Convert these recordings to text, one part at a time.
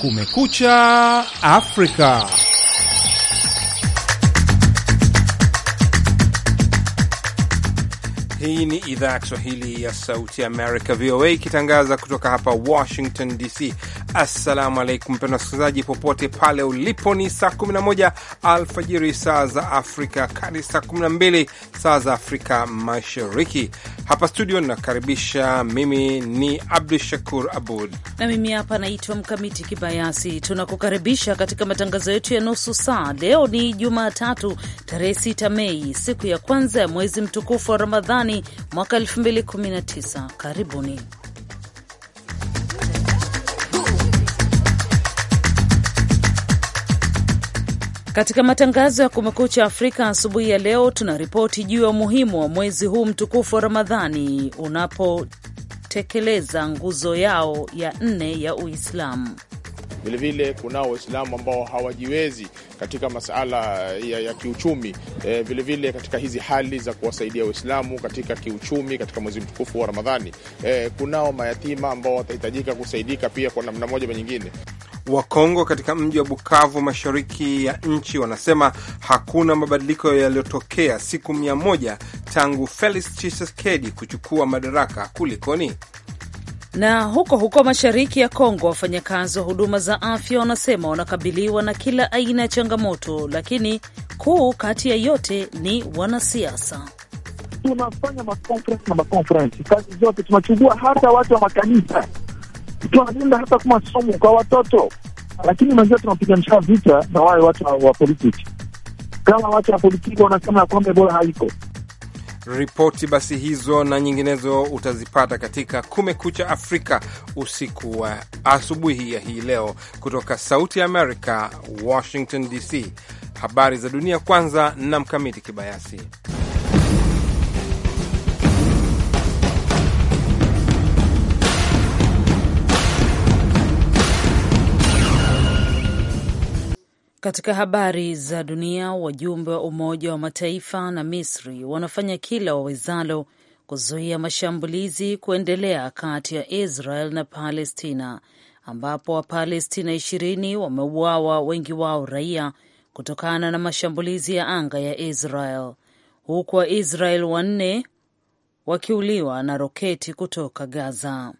Kumekucha Afrika. Hii ni idhaa ya Kiswahili ya Sauti Amerika, VOA, ikitangaza kutoka hapa Washington DC. Assalamu alaikum mpendwa msikilizaji, popote pale ulipo, ni saa 11 alfajiri saa za Afrika kati, saa 12 saa za Afrika Mashariki. Hapa studio nakaribisha, mimi ni Abdu Shakur Abud na mimi hapa naitwa Mkamiti Kibayasi. Tunakukaribisha katika matangazo yetu ya nusu saa. Leo ni Jumatatu tarehe 6 Mei, siku ya kwanza ya mwezi mtukufu wa Ramadhani mwaka 2019. Karibuni. Katika matangazo ya Kumekucha Afrika asubuhi ya leo, tuna ripoti juu ya umuhimu wa mwezi huu mtukufu wa Ramadhani unapotekeleza nguzo yao ya nne ya Uislamu. Vilevile kunao Waislamu ambao hawajiwezi katika masala ya, ya kiuchumi vilevile, vile katika hizi hali za kuwasaidia Waislamu katika kiuchumi katika mwezi mtukufu wa Ramadhani, e, kunao mayatima ambao watahitajika kusaidika pia kwa namna moja nyingine wa Kongo katika mji wa Bukavu, mashariki ya nchi, wanasema hakuna mabadiliko yaliyotokea siku mia moja tangu Felix Tshisekedi kuchukua madaraka. Kulikoni? Na huko huko mashariki ya Kongo, wafanyakazi wa huduma za afya wanasema wanakabiliwa na kila aina ya changamoto, lakini kuu kati ya yote ni wanasiasa. Tunafanya makonferensi na makonferensi, kazi zote tunachugua, hata watu wa makanisa tunaenda hata kwa masomo kwa watoto, lakini mazia tunapiganisha vita na wale watu wa politiki. Kama watu wa politiki wanasema ya kwamba bora haiko ripoti basi, hizo na nyinginezo utazipata katika Kumekucha Afrika usiku wa asubuhi ya hii leo, kutoka Sauti ya Amerika, Washington DC. Habari za dunia kwanza na Mkamiti Kibayasi. Katika habari za dunia, wajumbe wa Umoja wa Mataifa na Misri wanafanya kila wawezalo kuzuia mashambulizi kuendelea kati ya Israel na Palestina, ambapo Wapalestina ishirini wameuawa, wengi wao raia, kutokana na mashambulizi ya anga ya Israel, huku Waisrael wanne wakiuliwa na roketi kutoka Gaza.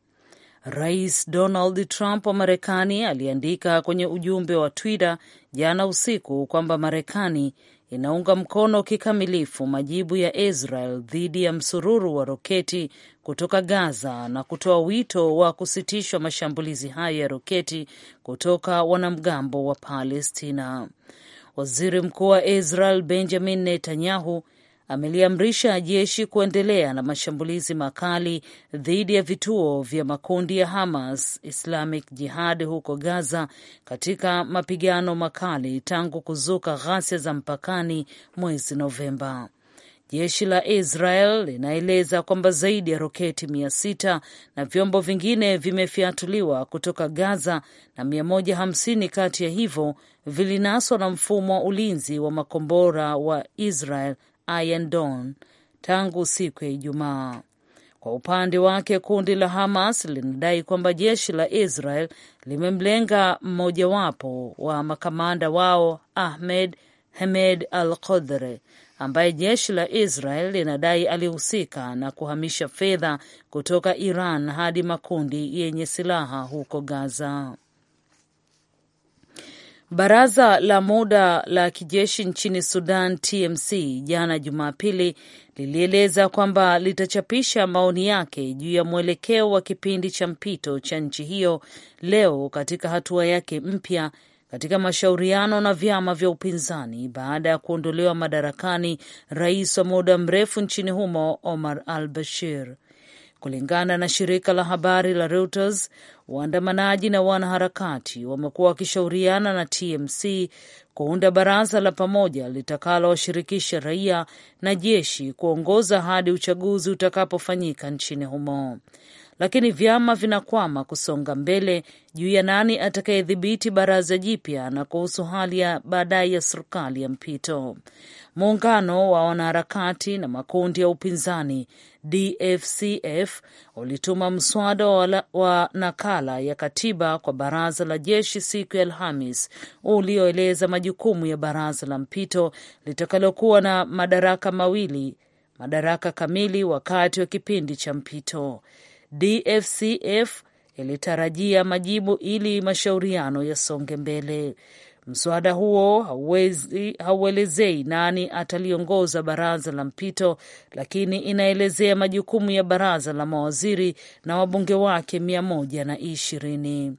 Rais Donald Trump wa Marekani aliandika kwenye ujumbe wa Twitter jana usiku kwamba Marekani inaunga mkono kikamilifu majibu ya Israel dhidi ya msururu wa roketi kutoka Gaza na kutoa wito wa kusitishwa mashambulizi hayo ya roketi kutoka wanamgambo wa Palestina. Waziri Mkuu wa Israel Benjamin Netanyahu ameliamrisha jeshi kuendelea na mashambulizi makali dhidi ya vituo vya makundi ya Hamas Islamic Jihad huko Gaza katika mapigano makali tangu kuzuka ghasia za mpakani mwezi Novemba. Jeshi la Israel linaeleza kwamba zaidi ya roketi mia sita na vyombo vingine vimefyatuliwa kutoka Gaza na 150 kati ya hivyo vilinaswa na mfumo wa ulinzi wa makombora wa Israel Iron Dome tangu siku ya Ijumaa. Kwa upande wake, kundi la Hamas linadai kwamba jeshi la Israel limemlenga mmojawapo wa makamanda wao Ahmed Hamed al-Qodre ambaye jeshi la Israel linadai alihusika na kuhamisha fedha kutoka Iran hadi makundi yenye silaha huko Gaza. Baraza la muda la kijeshi nchini Sudan TMC jana Jumapili lilieleza kwamba litachapisha maoni yake juu ya mwelekeo wa kipindi cha mpito cha nchi hiyo leo katika hatua yake mpya katika mashauriano na vyama vya upinzani baada ya kuondolewa madarakani rais wa muda mrefu nchini humo Omar al Bashir. Kulingana na shirika la habari la Reuters, waandamanaji na wanaharakati wamekuwa wakishauriana na TMC kuunda baraza la pamoja litakalowashirikisha raia na jeshi kuongoza hadi uchaguzi utakapofanyika nchini humo lakini vyama vinakwama kusonga mbele juu ya nani atakayedhibiti baraza jipya na kuhusu hali ya baadaye ya serikali ya mpito. Muungano wa wanaharakati na makundi ya upinzani DFCF ulituma mswada wa, wa nakala ya katiba kwa baraza la jeshi siku ya Alhamis ulioeleza majukumu ya baraza la mpito litakalokuwa na madaraka mawili madaraka kamili wakati wa kipindi cha mpito. DFCF ilitarajia majibu ili mashauriano yasonge mbele. Mswada huo hauelezei nani ataliongoza baraza la mpito, lakini inaelezea majukumu ya baraza la mawaziri na wabunge wake mia moja na ishirini.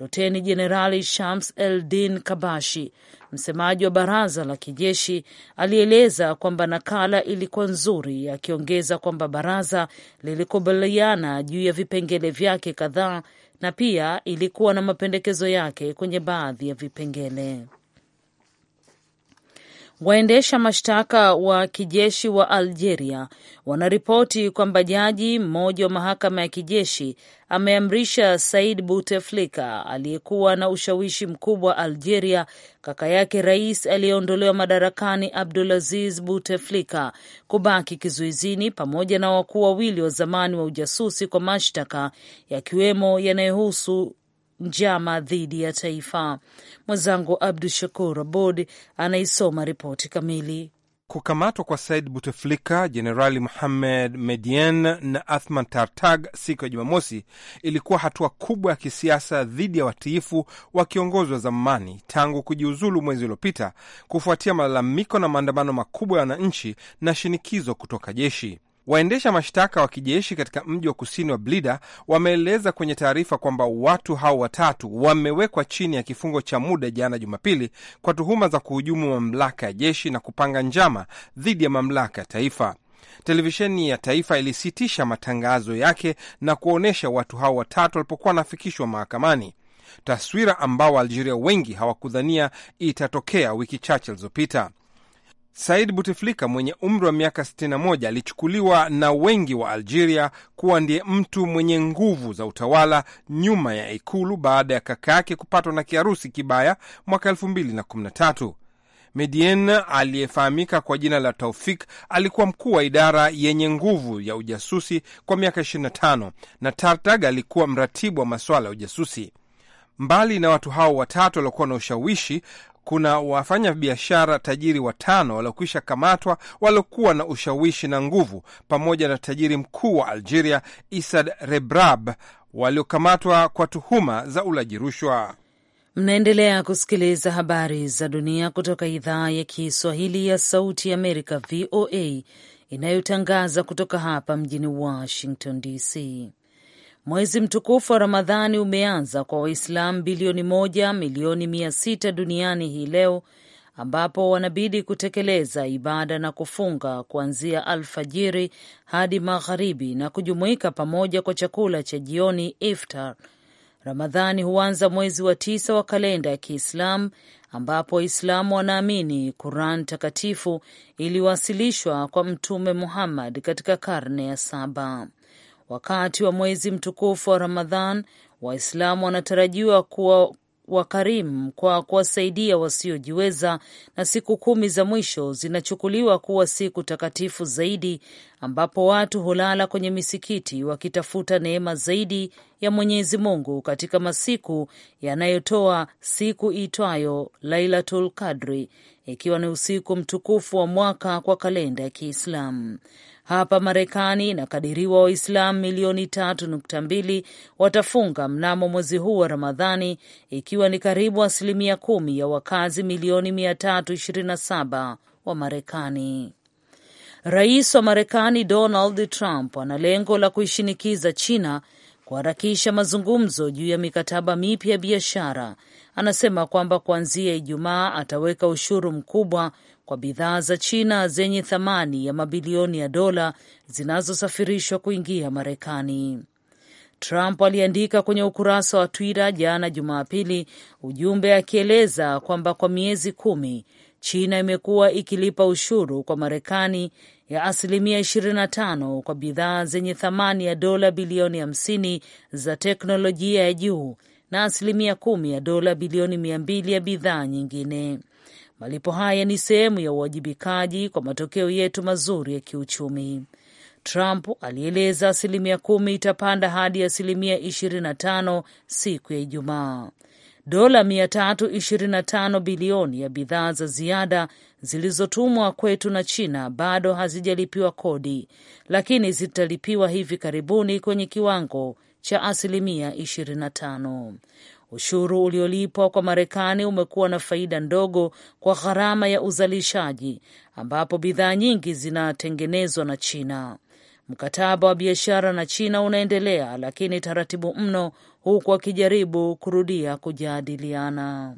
Luteni Jenerali Shams Eldin Kabashi, Msemaji wa baraza la kijeshi alieleza kwamba nakala ilikuwa nzuri, akiongeza kwamba baraza lilikubaliana juu ya vipengele vyake kadhaa na pia ilikuwa na mapendekezo yake kwenye baadhi ya vipengele. Waendesha mashtaka wa kijeshi wa Algeria wanaripoti kwamba jaji mmoja wa mahakama ya kijeshi ameamrisha Said Bouteflika aliyekuwa na ushawishi mkubwa Algeria, kaka yake rais aliyeondolewa madarakani Abdulaziz Bouteflika, kubaki kizuizini pamoja na wakuu wawili wa zamani wa ujasusi kwa mashtaka yakiwemo yanayohusu njama dhidi ya taifa. Mwenzangu Abdu Shakur Abod anaisoma ripoti kamili. Kukamatwa kwa Said Buteflika, Jenerali Muhamed Medien na Athman Tartag siku ya Jumamosi ilikuwa hatua kubwa ya kisiasa dhidi ya watiifu wa kiongozi wa zamani tangu kujiuzulu mwezi uliopita, kufuatia malalamiko na maandamano makubwa ya wananchi na shinikizo kutoka jeshi. Waendesha mashtaka wa kijeshi katika mji wa kusini wa Blida wameeleza kwenye taarifa kwamba watu hao watatu wamewekwa chini ya kifungo cha muda jana Jumapili kwa tuhuma za kuhujumu mamlaka ya jeshi na kupanga njama dhidi ya mamlaka ya taifa. Televisheni ya taifa ilisitisha matangazo yake na kuonyesha watu hao watatu walipokuwa wanafikishwa mahakamani, taswira ambao Waalgeria wengi hawakudhania itatokea wiki chache zilizopita. Said buteflika mwenye umri wa miaka 61 alichukuliwa na wengi wa Algeria kuwa ndiye mtu mwenye nguvu za utawala nyuma ya ikulu baada ya kaka yake kupatwa na kiharusi kibaya mwaka 2013. Medien aliyefahamika kwa jina la Taufik alikuwa mkuu wa idara yenye nguvu ya ujasusi kwa miaka 25 na Tartag alikuwa mratibu wa masuala ya ujasusi. Mbali na watu hao watatu waliokuwa na ushawishi, kuna wafanya biashara tajiri watano waliokwisha kamatwa waliokuwa na ushawishi na nguvu, pamoja na tajiri mkuu wa Algeria Isad Rebrab waliokamatwa kwa tuhuma za ulaji rushwa. Mnaendelea kusikiliza habari za dunia kutoka idhaa ya Kiswahili ya Sauti ya Amerika, VOA, inayotangaza kutoka hapa mjini Washington DC. Mwezi mtukufu wa Ramadhani umeanza kwa Waislamu bilioni moja milioni mia sita duniani hii leo, ambapo wanabidi kutekeleza ibada na kufunga kuanzia alfajiri hadi magharibi na kujumuika pamoja kwa chakula cha jioni, iftar. Ramadhani huanza mwezi wa tisa wa kalenda ya Kiislamu ambapo Waislamu wanaamini Quran takatifu iliwasilishwa kwa Mtume Muhammad katika karne ya saba. Wakati wa mwezi mtukufu wa Ramadhan, Waislamu wanatarajiwa kuwa wakarimu kwa kuwasaidia wasiojiweza, na siku kumi za mwisho zinachukuliwa kuwa siku takatifu zaidi, ambapo watu hulala kwenye misikiti wakitafuta neema zaidi ya Mwenyezi Mungu katika masiku yanayotoa siku iitwayo Lailatul Qadri, ikiwa ni usiku mtukufu wa mwaka kwa kalenda ya Kiislamu. Hapa Marekani inakadiriwa Waislamu milioni tatu nukta mbili watafunga mnamo mwezi huu wa Ramadhani, ikiwa ni karibu asilimia kumi ya wakazi milioni mia tatu ishirini na saba wa Marekani. Rais wa Marekani Donald Trump ana lengo la kuishinikiza China kuharakisha mazungumzo juu ya mikataba mipya ya biashara. Anasema kwamba kuanzia Ijumaa ataweka ushuru mkubwa kwa bidhaa za China zenye thamani ya mabilioni ya dola zinazosafirishwa kuingia Marekani. Trump aliandika kwenye ukurasa wa Twitter jana Jumapili ujumbe akieleza kwamba kwa miezi kumi China imekuwa ikilipa ushuru kwa Marekani ya asilimia 25 kwa bidhaa zenye thamani ya dola bilioni 50 za teknolojia ya juu na asilimia kumi ya dola bilioni mia ya bidhaa nyingine. Malipo haya ni sehemu ya uwajibikaji kwa matokeo yetu mazuri ya kiuchumi. Trump alieleza asilimia kumi itapanda hadi asilimia ishirini na tano siku ya Ijumaa. Dola 325 bilioni ya bidhaa za ziada zilizotumwa kwetu na China bado hazijalipiwa kodi, lakini zitalipiwa hivi karibuni kwenye kiwango cha asilimia 25. Ushuru uliolipwa kwa Marekani umekuwa na faida ndogo kwa gharama ya uzalishaji, ambapo bidhaa nyingi zinatengenezwa na China. Mkataba wa biashara na China unaendelea, lakini taratibu mno, huku akijaribu kurudia kujadiliana.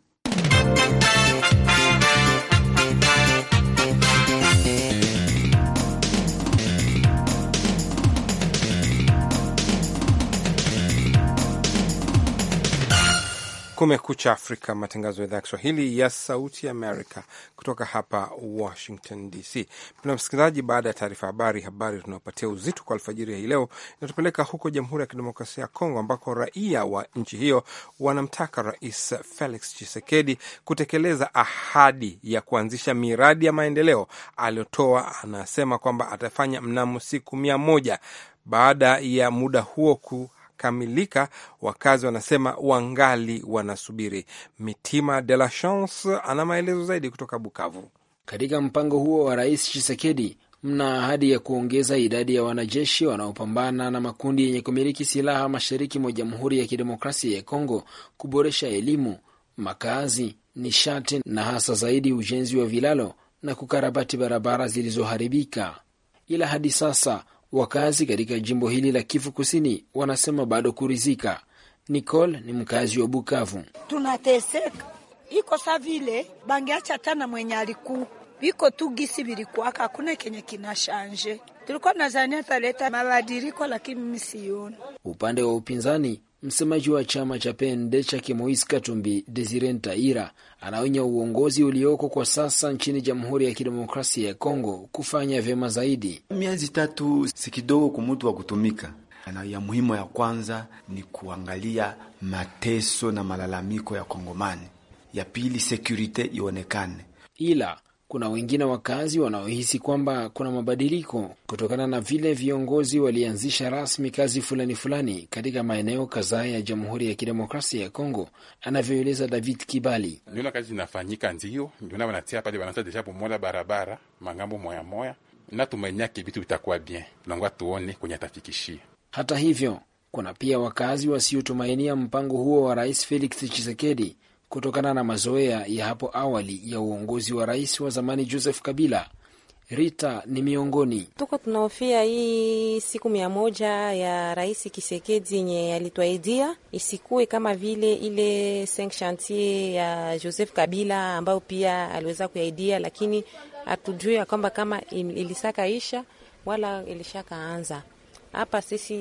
Kumekucha Afrika, matangazo ya idhaa ya Kiswahili ya Sauti Amerika kutoka hapa Washington DC. Mpendwa msikilizaji, baada ya taarifa habari, habari tunaopatia uzito kwa alfajiri ya hii leo inatupeleka huko Jamhuri ya Kidemokrasia ya Kongo, ambako raia wa nchi hiyo wanamtaka Rais Felix Tshisekedi kutekeleza ahadi ya kuanzisha miradi ya maendeleo aliyotoa. Anasema kwamba atafanya mnamo siku mia moja baada ya muda huo ku hajakamilika, wakazi wanasema wangali wanasubiri. Mitima de la Chance ana maelezo zaidi kutoka Bukavu. Katika mpango huo wa Rais chisekedi mna ahadi ya kuongeza idadi ya wanajeshi wanaopambana na makundi yenye kumiliki silaha mashariki mwa Jamhuri ya Kidemokrasia ya Kongo, kuboresha elimu, makazi, nishati na hasa zaidi ujenzi wa vilalo na kukarabati barabara zilizoharibika. Ila hadi sasa Wakazi katika jimbo hili la Kivu Kusini wanasema bado kurizika. nicol ni mkazi wa Bukavu. Tunateseka iko sa vile bangeacha tana mwenye alikuu viko tu gisi vilikuwaka, hakuna kenye kinashanje. Tulikuwa nazania taleta mabadiriko lakini misiona Upande wa upinzani Msemaji wa chama cha pnd cha Kimois Katumbi, Desire Ntaira, anaonya uongozi ulioko kwa sasa nchini Jamhuri ya Kidemokrasia ya Kongo kufanya vyema zaidi. Miezi tatu si kidogo mutu wa kutumika na ya muhimu ya kwanza ni kuangalia mateso na malalamiko ya Kongomani. Ya pili, sekurite ionekane, ila kuna wengine wakazi wanaohisi kwamba kuna mabadiliko kutokana na vile viongozi walianzisha rasmi kazi fulani fulani katika maeneo kadhaa ya Jamhuri ya Kidemokrasia ya Kongo, anavyoeleza David Kibali. Niona kazi zinafanyika, ndio niona wanatia pale, wanaanza desha pomola barabara mangambo moyamoya, natumainiake vitu vitakuwa bien, tunangwa tuone kwenye atafikishia. Hata hivyo, kuna pia wakazi wasiotumainia mpango huo wa Rais Felix Tshisekedi kutokana na mazoea ya hapo awali ya uongozi wa rais wa zamani Joseph Kabila. Rita ni miongoni tuko tunahofia hii siku mia moja ya rais Kisekedi yenye alituaidia isikue kama vile ile cinq chantier ya Joseph Kabila ambayo pia aliweza kuyaidia, lakini hatujui ya kwamba kama ilisakaisha wala ilishakaanza hapa. Sisi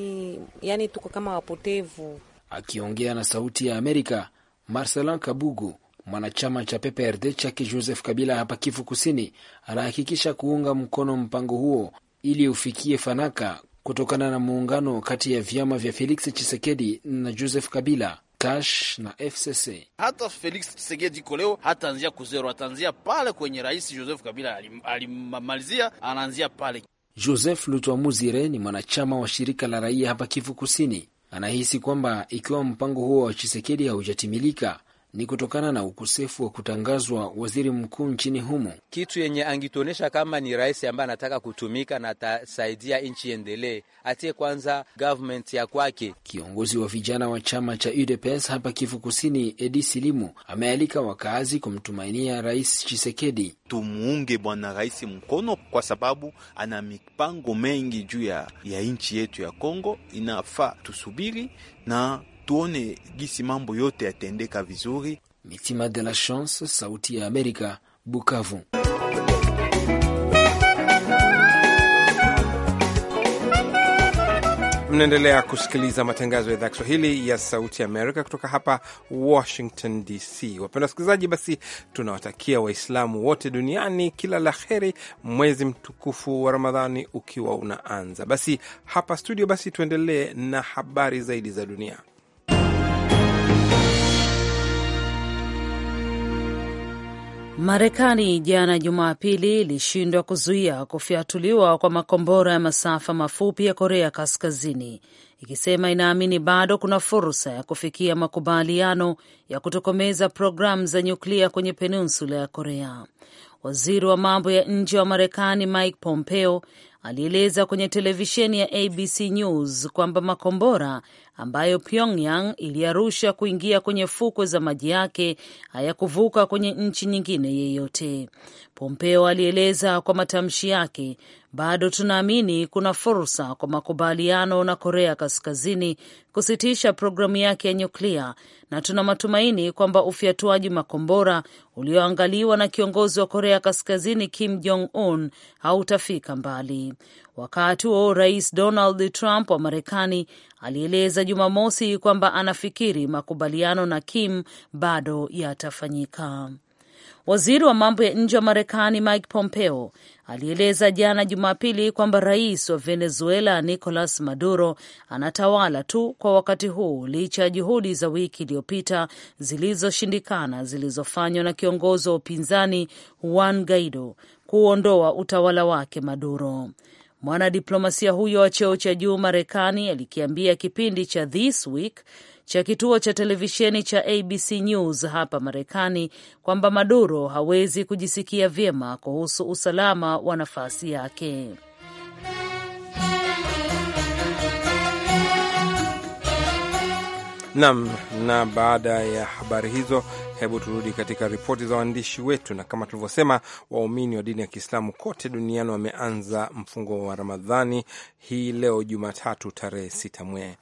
yani tuko kama wapotevu. Akiongea na Sauti ya Amerika, Marcelin Kabugu, mwanachama cha PPRD chake Joseph Kabila hapa Kivu Kusini, anahakikisha kuunga mkono mpango huo ili ufikie fanaka kutokana na muungano kati ya vyama vya Felix chisekedi na Joseph Kabila Kash na FCC. Hata Felix chisekedi iko leo hataanzia kuzero, ataanzia pale kwenye Rais Joseph Kabila alimamalizia anaanzia pale. Joseph Lutwamuzire ni mwanachama wa shirika la raia hapa Kivu Kusini anahisi kwamba ikiwa mpango huo wa Chisekedi haujatimilika ni kutokana na ukosefu wa kutangazwa waziri mkuu nchini humo, kitu yenye angituonyesha kama ni rais ambaye anataka kutumika na atasaidia nchi endelee, atie kwanza government ya kwake. Kiongozi wa vijana wa chama cha UDPS hapa Kivu Kusini, Edi Silimu, amealika wakazi kumtumainia Rais Chisekedi. Tumuunge bwana rais mkono kwa sababu ana mipango mengi juu ya, ya nchi yetu ya Kongo. Inafaa tusubiri na tuone gisi mambo yote yataendeka vizuri. Mitima de la Chance, Sauti ya Amerika, Bukavu. Mnaendelea kusikiliza matangazo ya idhaa Kiswahili ya Sauti Amerika kutoka hapa Washington DC. Wapenda wasikilizaji, basi tunawatakia Waislamu wote duniani kila la heri, mwezi mtukufu wa Ramadhani ukiwa unaanza. Basi hapa studio, basi tuendelee na habari zaidi za dunia. Marekani jana Jumapili ilishindwa kuzuia kufyatuliwa kwa makombora ya masafa mafupi ya Korea Kaskazini, ikisema inaamini bado kuna fursa ya kufikia makubaliano ya kutokomeza programu za nyuklia kwenye peninsula ya Korea. Waziri wa mambo ya nje wa Marekani Mike Pompeo alieleza kwenye televisheni ya ABC News kwamba makombora ambayo Pyongyang iliarusha kuingia kwenye fukwe za maji yake hayakuvuka kwenye nchi nyingine yeyote. Pompeo alieleza kwa matamshi yake, bado tunaamini kuna fursa kwa makubaliano na Korea Kaskazini kusitisha programu yake ya nyuklia na tuna matumaini kwamba ufyatuaji makombora ulioangaliwa na kiongozi wa Korea Kaskazini Kim Jong Un hautafika mbali. Wakati huo Rais Donald Trump wa Marekani alieleza Jumamosi kwamba anafikiri makubaliano na Kim bado yatafanyika. Waziri wa mambo ya nje wa Marekani Mike Pompeo alieleza jana Jumapili kwamba rais wa Venezuela Nicolas Maduro anatawala tu kwa wakati huu licha ya juhudi za wiki iliyopita zilizoshindikana zilizofanywa na kiongozi wa upinzani Juan Guaido kuondoa utawala wake Maduro. Mwanadiplomasia huyo wa cheo cha juu Marekani alikiambia kipindi cha This Week cha kituo cha televisheni cha ABC News hapa Marekani kwamba Maduro hawezi kujisikia vyema kuhusu usalama wa nafasi yake. Nam na baada ya habari hizo, hebu turudi katika ripoti za waandishi wetu. Na kama tulivyosema, waumini wa dini ya Kiislamu kote duniani wameanza mfungo wa Ramadhani hii leo Jumatatu tarehe sita mwee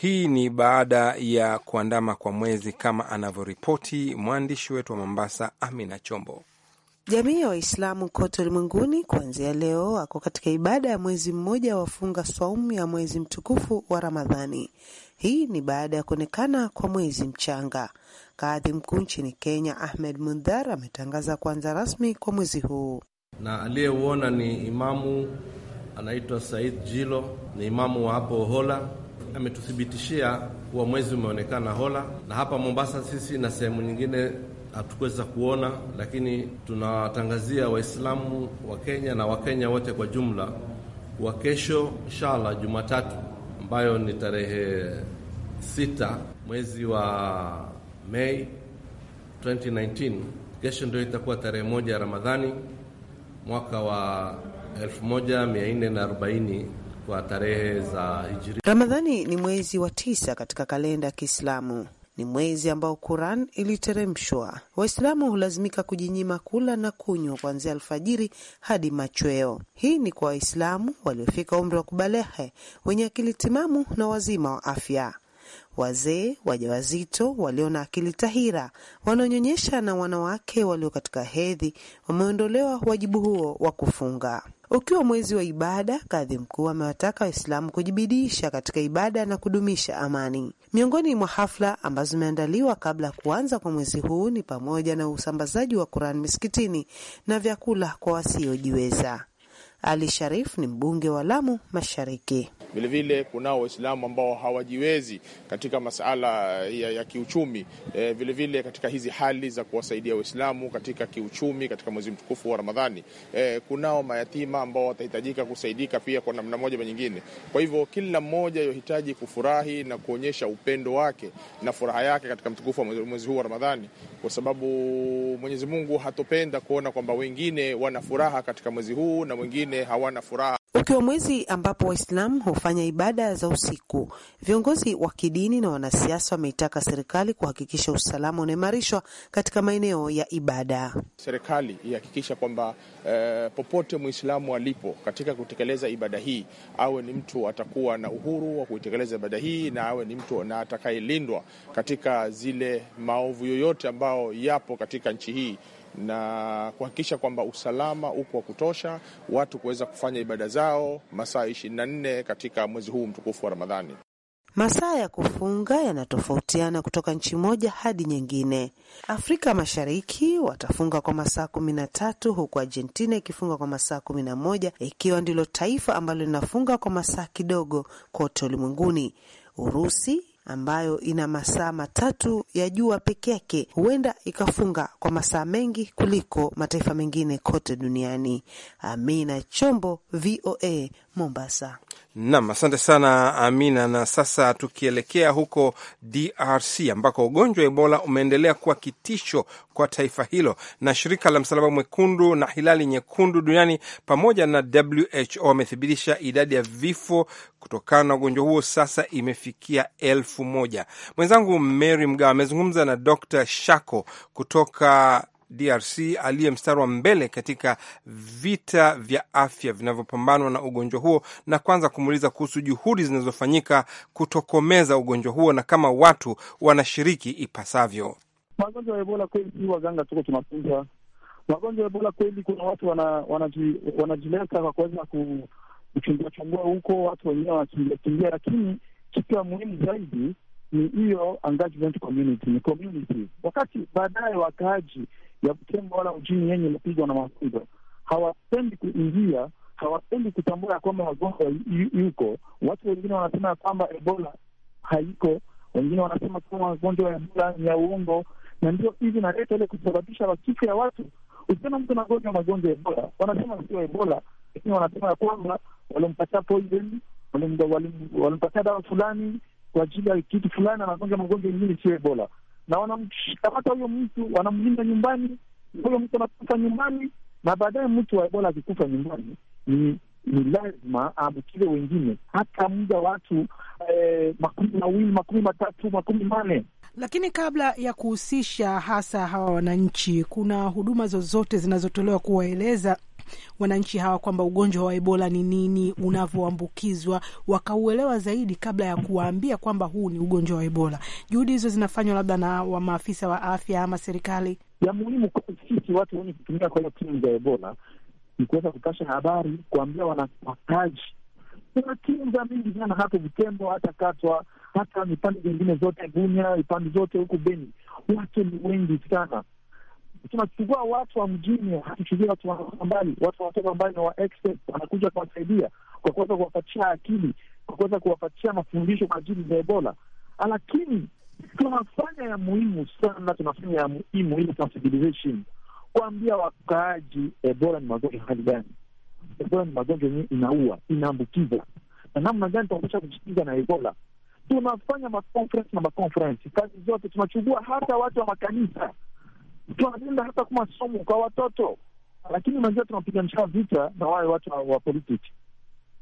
hii ni baada ya kuandama kwa mwezi, kama anavyoripoti mwandishi wetu wa Mombasa, Amina Chombo. Jamii ya Waislamu kote ulimwenguni kuanzia leo wako katika ibada ya mwezi mmoja wafunga swaumu ya mwezi mtukufu wa Ramadhani. Hii ni baada ya kuonekana kwa mwezi mchanga. Kadhi mkuu nchini Kenya Ahmed Mundhar ametangaza kuanza rasmi kwa mwezi huu, na aliyeuona ni imamu anaitwa Said Jilo, ni imamu wa hapo Hola ametuthibitishia kuwa mwezi umeonekana Hola, na hapa Mombasa sisi na sehemu nyingine hatukuweza kuona, lakini tunawatangazia Waislamu wa Kenya na Wakenya wote kwa jumla wa kesho, inshallah Jumatatu ambayo ni tarehe sita mwezi wa Mei 2019, kesho ndio itakuwa tarehe moja ya Ramadhani mwaka wa 1440 kwa tarehe za Hijri. Ramadhani ni mwezi wa tisa katika kalenda ya Kiislamu. Ni mwezi ambao Quran iliteremshwa. Waislamu hulazimika kujinyima kula na kunywa kuanzia alfajiri hadi machweo. Hii ni kwa Waislamu waliofika umri wa kubalehe, wenye akili timamu na wazima wa afya. Wazee, wajawazito, walio na akili tahira, wanaonyonyesha na wanawake walio katika hedhi wameondolewa wajibu huo wa kufunga. Ukiwa mwezi wa ibada, kadhi mkuu amewataka Waislamu kujibidisha katika ibada na kudumisha amani. Miongoni mwa hafla ambazo zimeandaliwa kabla ya kuanza kwa mwezi huu ni pamoja na usambazaji wa Qur'an misikitini na vyakula kwa wasiojiweza. Ali Sharif ni mbunge wa Lamu Mashariki. Vilevile kunao Waislamu ambao hawajiwezi katika masala ya, ya kiuchumi e, vilevile katika hizi hali za kuwasaidia Waislamu katika kiuchumi katika mwezi mtukufu wa Ramadhani e, kunao mayatima ambao watahitajika kusaidika pia kwa namna moja nyingine. Kwa hivyo kila mmoja yohitaji kufurahi na kuonyesha upendo wake na furaha yake katika mtukufu wa mwezi huu wa Ramadhani, kwa sababu Mwenyezi Mungu hatopenda kuona kwamba wengine wana furaha katika mwezi huu na wengine hawana furaha ukiwa mwezi ambapo Waislamu hufanya ibada za usiku, viongozi wa kidini na wanasiasa wameitaka serikali kuhakikisha usalama unaimarishwa katika maeneo ya ibada. Serikali ihakikisha kwamba eh, popote Mwislamu alipo katika kutekeleza ibada hii awe ni mtu atakuwa na uhuru wa kuitekeleza ibada hii na awe ni mtu na atakayelindwa katika zile maovu yoyote ambayo yapo katika nchi hii na kuhakikisha kwamba usalama huko wa kutosha, watu kuweza kufanya ibada zao masaa ishirini na nne katika mwezi huu mtukufu wa Ramadhani. Masaa ya kufunga yanatofautiana kutoka nchi moja hadi nyingine. Afrika Mashariki watafunga kwa masaa kumi na tatu huku Argentina ikifunga kwa masaa kumi na moja ikiwa ndilo taifa ambalo linafunga kwa masaa kidogo kote ulimwenguni. Urusi ambayo ina masaa matatu ya jua peke yake, huenda ikafunga kwa masaa mengi kuliko mataifa mengine kote duniani. Amina Chombo, VOA Mombasa. Nam, asante sana Amina. Na sasa tukielekea huko DRC ambako ugonjwa wa Ebola umeendelea kuwa kitisho kwa taifa hilo, na shirika la Msalaba Mwekundu na Hilali Nyekundu duniani pamoja na WHO wamethibitisha idadi ya vifo kutokana na ugonjwa huo sasa imefikia elfu moja. Mwenzangu Mary Mgawa amezungumza na Dr Shako kutoka DRC aliye mstari wa mbele katika vita vya afya vinavyopambanwa na ugonjwa huo, na kwanza kumuuliza kuhusu juhudi zinazofanyika kutokomeza ugonjwa huo na kama watu wanashiriki ipasavyo. Magonjwa ya Ebola kweli, si waganga tuko tunafunza magonjwa ya Ebola kweli, kuna watu wanajileta wana, wana kwa kuweza kuchunguachungua huko, watu wenyewe wanakimbia lakini kitu ya muhimu zaidi ni hiyo engagement community, ni community. Wakati baadaye wakaaji ya Butembo wala mjini yenye imepigwa na mafunzo hawapendi kuingia, hawapendi kutambua ya kwamba wagonjwa yuko. Watu wengine wanasema ya kwamba Ebola haiko, wengine wanasema kama wagonjwa ya Ebola ni ya uongo, na ndio hivi naleta ile kusababisha wakifu ya watu. Ukiona mtu nagonjwa magonjwa ya Ebola, wanasema sio Ebola, lakini wanasema ya kwamba walimpatia poison, walimpatia dawa fulani kwa ajili ya kitu fulani, anagonja magonjwa ingine sio Ebola, na wanamkamata huyo mtu wanamlinda nyumbani, huyo mtu anakufa nyumbani, na baadaye mtu wa Ebola akikufa nyumbani ni ni lazima aambukize wengine, hata muda watu eh, makumi mawili makumi matatu makumi manne. Lakini kabla ya kuhusisha hasa hawa wananchi, kuna huduma zozote zinazotolewa kuwaeleza wananchi hawa kwamba ugonjwa wa Ebola ni nini, unavyoambukizwa, wakauelewa zaidi kabla ya kuwaambia kwamba huu ni ugonjwa wa Ebola. Juhudi hizo zinafanywa labda na wa maafisa wa afya ama serikali. Ya muhimu sisi watu wenye kutumia kwa hiyo timu za Ebola ni kuweza kupasha habari, kuambia wanawakaji kuna timu za mingi sana hapo vitembo hata Katwa, hata vipande vingine zote Bunya, vipande zote huku Beni, watu ni wengi sana tunachukua watu wa mjini, hatuchukui watu wa mbali. Watu wanatoka mbali na wa wanakuja kuwasaidia kwa kuweza kuwapatia akili, kwa kuweza kuwapatia mafundisho kwa ajili za Ebola, lakini tunafanya ya muhimu sana, tunafanya ya muhimu ili sensibilization, kuambia wakaaji Ebola ni magonjwa hali gani, Ebola ni magonjwa yenyewe inaua, inaambukiza na namna gani tunaoesha kujikinga na Ebola. Tunafanya makonferensi na makonferensi, kazi zote tunachugua, hata watu wa makanisa tunalinda hata kwa masomo kwa watoto, lakini mazia tunapiganisha vita na wale watu wa, wa politiki.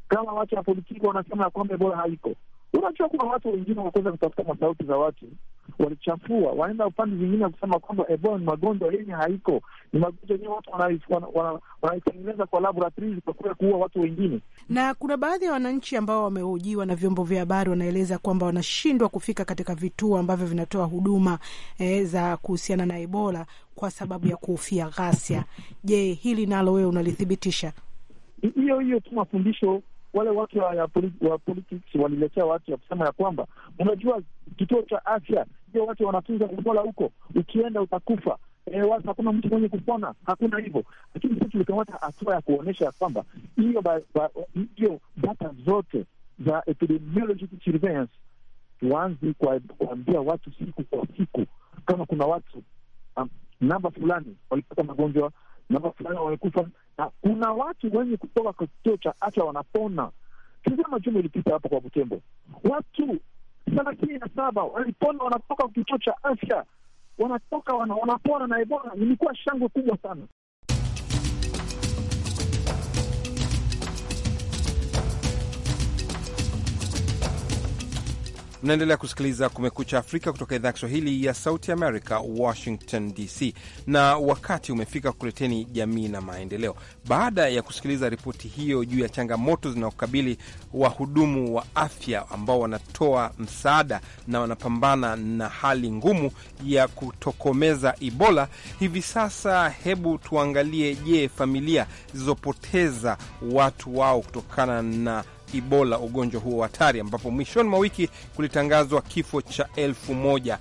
Kama watu wa politiki wanasema ya kwamba Ebola haiko, unajua kuna watu wengine wakuweza kutafuta masauti za watu walichafua, wanaenda upande zingine kusema kwamba Ebola eh, ni magonjwa yenye haiko, ni magonjwa yenye watu wanaitengeneza kwa laboratories kwa kuwa kuua watu wengine. Na kuna baadhi ya wananchi ambao wamehojiwa na vyombo vya habari wanaeleza kwamba wanashindwa kufika katika vituo ambavyo vinatoa huduma eh, za kuhusiana na Ebola kwa sababu ya kuhofia ghasia. Je, hili nalo wewe unalithibitisha? Hiyo hiyo tu mafundisho wale watu wa, wa politics waliletea watu ya kusema ya kwamba unajua, kituo cha afya ndio watu wanatunza kupola huko, ukienda utakufa. E, watu hakuna mtu mwenye kupona, hakuna hivyo. Lakini sisi tulikamata hatua ya kuonyesha ya kwamba hiyo data zote za epidemiologic surveillance tuanze kuambia watu siku kwa siku, kama kuna watu um, namba fulani walipata magonjwa, namba fulani wamekufa na kuna watu wenye kutoka kwa kituo cha afya wanapona. Tizama juma ilipita hapo kwa Butembo, watu thelathini na saba walipona, wanatoka kituo cha afya wanatoka wanapona na Ebola. Ilikuwa shangwe kubwa sana. Mnaendelea kusikiliza Kumekucha Afrika kutoka idhaa ya Kiswahili ya Sauti America, Washington DC, na wakati umefika kuleteni Jamii na Maendeleo. Baada ya kusikiliza ripoti hiyo juu ya changamoto zinazokabili wahudumu wa afya ambao wanatoa msaada na wanapambana na hali ngumu ya kutokomeza Ebola, hivi sasa hebu tuangalie, je, familia zilizopoteza watu wao kutokana na ebola ugonjwa huo hatari, ambapo mwishoni mwa wiki kulitangazwa kifo cha elfu moja.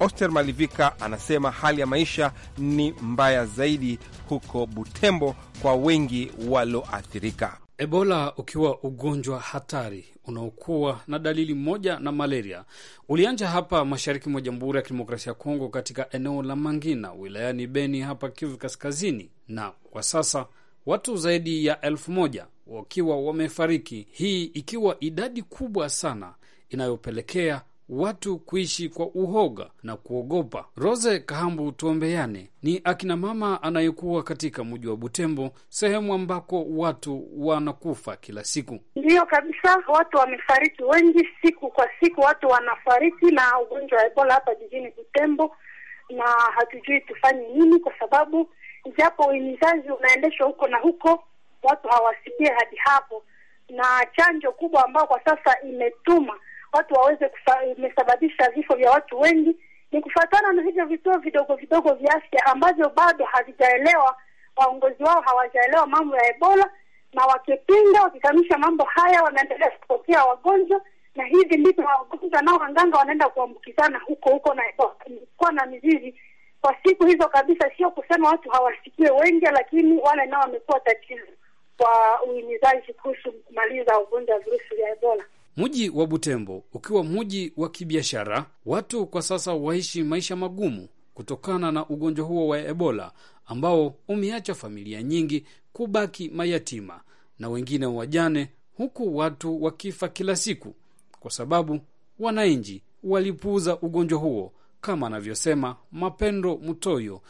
Oster Malivika anasema hali ya maisha ni mbaya zaidi huko Butembo kwa wengi walioathirika. Ebola ukiwa ugonjwa hatari unaokuwa na dalili moja na malaria, ulianja hapa mashariki mwa Jamhuri ya Kidemokrasia ya Kongo, katika eneo la Mangina wilayani Beni hapa Kivu Kaskazini, na kwa sasa watu zaidi ya elfu moja wakiwa wamefariki, hii ikiwa idadi kubwa sana inayopelekea watu kuishi kwa uhoga na kuogopa. Rose Kahambu Tuombeane ni akina mama anayekuwa katika mji wa Butembo, sehemu ambako watu wanakufa kila siku. Ndiyo kabisa, watu wamefariki wengi, siku kwa siku watu wanafariki na ugonjwa wa Ebola hapa jijini Butembo, na hatujui tufanye nini, kwa sababu japo uimizaji unaendeshwa huko na huko watu hawasikie hadi hapo, na chanjo kubwa ambayo kwa sasa imetuma watu waweze kufa, imesababisha vifo vya watu wengi ni kufuatana na hivyo vituo vidogo vidogo vya afya ambavyo bado havijaelewa, waongozi wao hawajaelewa mambo ya Ebola, na wakipinga wakikamisha mambo haya wanaendelea kupokea wagonjwa, na hivi ndivyo wagonjwa nao wanganga wanaenda kuambukizana huko huko na Kuwa na mizizi kwa siku hizo kabisa, sio kusema watu hawasikie wengi, lakini wale nao wamekuwa tatizo kwa uhimizaji kuhusu kumaliza ugonjwa wa virusi vya Ebola. Mji wa Butembo ukiwa mji wa kibiashara, watu kwa sasa waishi maisha magumu kutokana na ugonjwa huo wa Ebola ambao umeacha familia nyingi kubaki mayatima na wengine wajane, huku watu wakifa kila siku kwa sababu wananchi walipuuza ugonjwa huo, kama anavyosema Mapendo Mtoyo.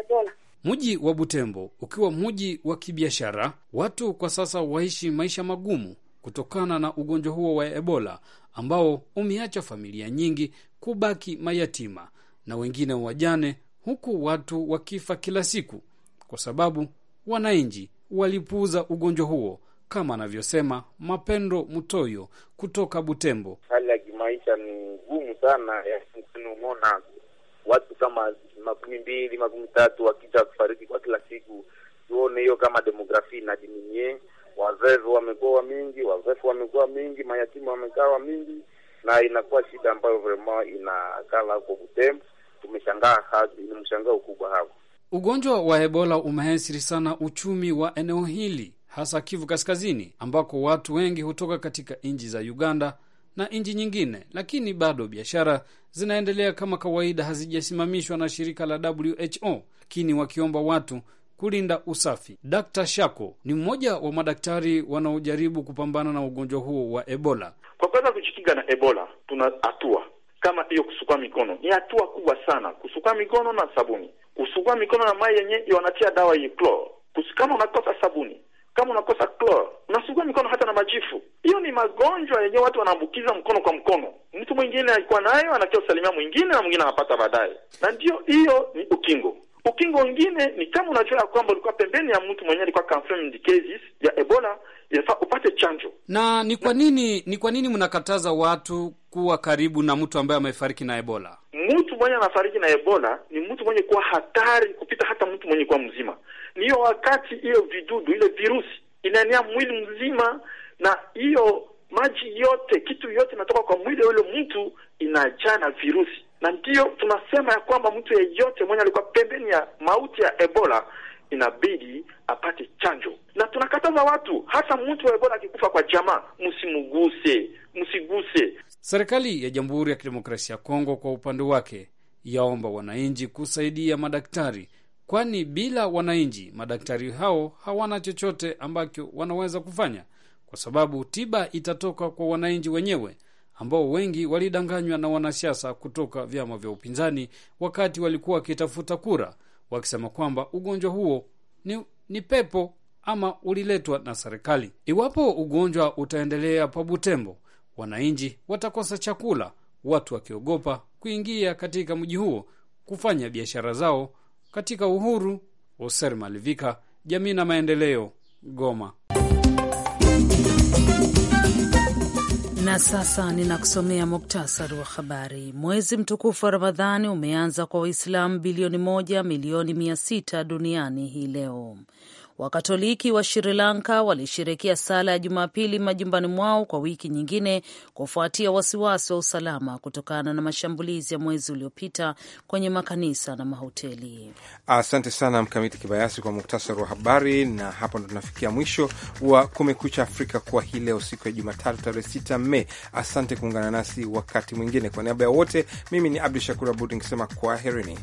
Ebola Mji wa Butembo ukiwa mji wa kibiashara, watu kwa sasa waishi maisha magumu kutokana na ugonjwa huo wa Ebola ambao umeacha familia nyingi kubaki mayatima na wengine wajane, huku watu wakifa kila siku kwa sababu wananchi walipuuza ugonjwa huo, kama anavyosema Mapendo Mutoyo kutoka Butembo. Hali ya kimaisha ni ngumu sana, yaani umeona watu kama makumi mbili makumi tatu wakija kufariki kwa kila siku. Tuone hiyo kama na inadiminie, wazazi wamekuwa mingi, wazazi wamekuwa mingi, mayatima wamekawa mingi, na inakuwa shida ambayo vrema inakala huko Butembo. Tumeshangaa, ni mshangao kubwa hapo. Ugonjwa wa Ebola umehesiri sana uchumi wa eneo hili, hasa Kivu Kaskazini, ambako watu wengi hutoka katika nchi za Uganda na nchi nyingine, lakini bado biashara zinaendelea kama kawaida, hazijasimamishwa na shirika la WHO, lakini wakiomba watu kulinda usafi. d Shako ni mmoja wa madaktari wanaojaribu kupambana na ugonjwa huo wa Ebola. Kwa kuweza kujikinga na Ebola, tuna hatua kama hiyo, kusukua mikono ni hatua kubwa sana. Kusukua mikono na sabuni, kusukua mikono na maji yenye wanatia dawa hii kloro, kama unakosa sabuni kama unakosa chloro, unasugua mikono hata na majifu. Hiyo ni magonjwa yenyewe watu wanaambukiza mkono kwa mkono. Mtu mwingine alikuwa nayo anakia usalimia mwingine na mwingine anapata baadaye, na ndio hiyo ni ukingo. Ukingo wengine ni kama unajua ya kwamba ulikuwa pembeni ya mtu mwenyewe alikuwa confirmed cases ya Ebola, yafaa upate chanjo. Na ni kwa nini ni kwa nini mnakataza watu kuwa karibu na mtu ambaye amefariki na Ebola? Mtu mwenye anafariki na Ebola ni mtu mwenye kuwa hatari kupita hata mtu mwenye kuwa mzima. Niyo wakati hiyo vidudu ile virusi inaenea mwili mzima, na hiyo maji yote kitu yote inatoka kwa mwili ule mtu inajaa na virusi, na ndiyo tunasema ya kwamba mtu yeyote mwenye alikuwa pembeni ya mauti ya Ebola inabidi apate chanjo, na tunakataza watu, hata mtu wa Ebola akikufa kwa jamaa, msimuguse, msiguse. Serikali ya Jamhuri ya Kidemokrasia ya Kongo kwa upande wake yaomba wananchi kusaidia madaktari kwani bila wananchi madaktari hao hawana chochote ambacho wanaweza kufanya, kwa sababu tiba itatoka kwa wananchi wenyewe ambao wengi walidanganywa na wanasiasa kutoka vyama vya upinzani wakati walikuwa wakitafuta kura, wakisema kwamba ugonjwa huo ni, ni pepo ama uliletwa na serikali. Iwapo ugonjwa utaendelea pa Butembo, wananchi watakosa chakula, watu wakiogopa kuingia katika mji huo kufanya biashara zao katika uhuru. Oser Malivika, jamii na maendeleo, Goma. Na sasa ninakusomea muktasari wa habari. Mwezi mtukufu wa Ramadhani umeanza kwa Waislamu bilioni moja milioni mia sita duniani hii leo. Wakatoliki wa Sri Lanka walisherekea sala ya Jumapili majumbani mwao kwa wiki nyingine kufuatia wasiwasi wa usalama kutokana na mashambulizi ya mwezi uliopita kwenye makanisa na mahoteli. Asante sana Mkamiti Kibayasi kwa muktasari wa habari, na hapa ndo tunafikia mwisho wa Kumekucha Afrika kwa hii leo, siku ya Jumatatu tarehe 6 Mei. Asante kuungana nasi wakati mwingine. Kwa niaba ya wote, mimi ni Abdu Shakur Abud nikisema kwaherini.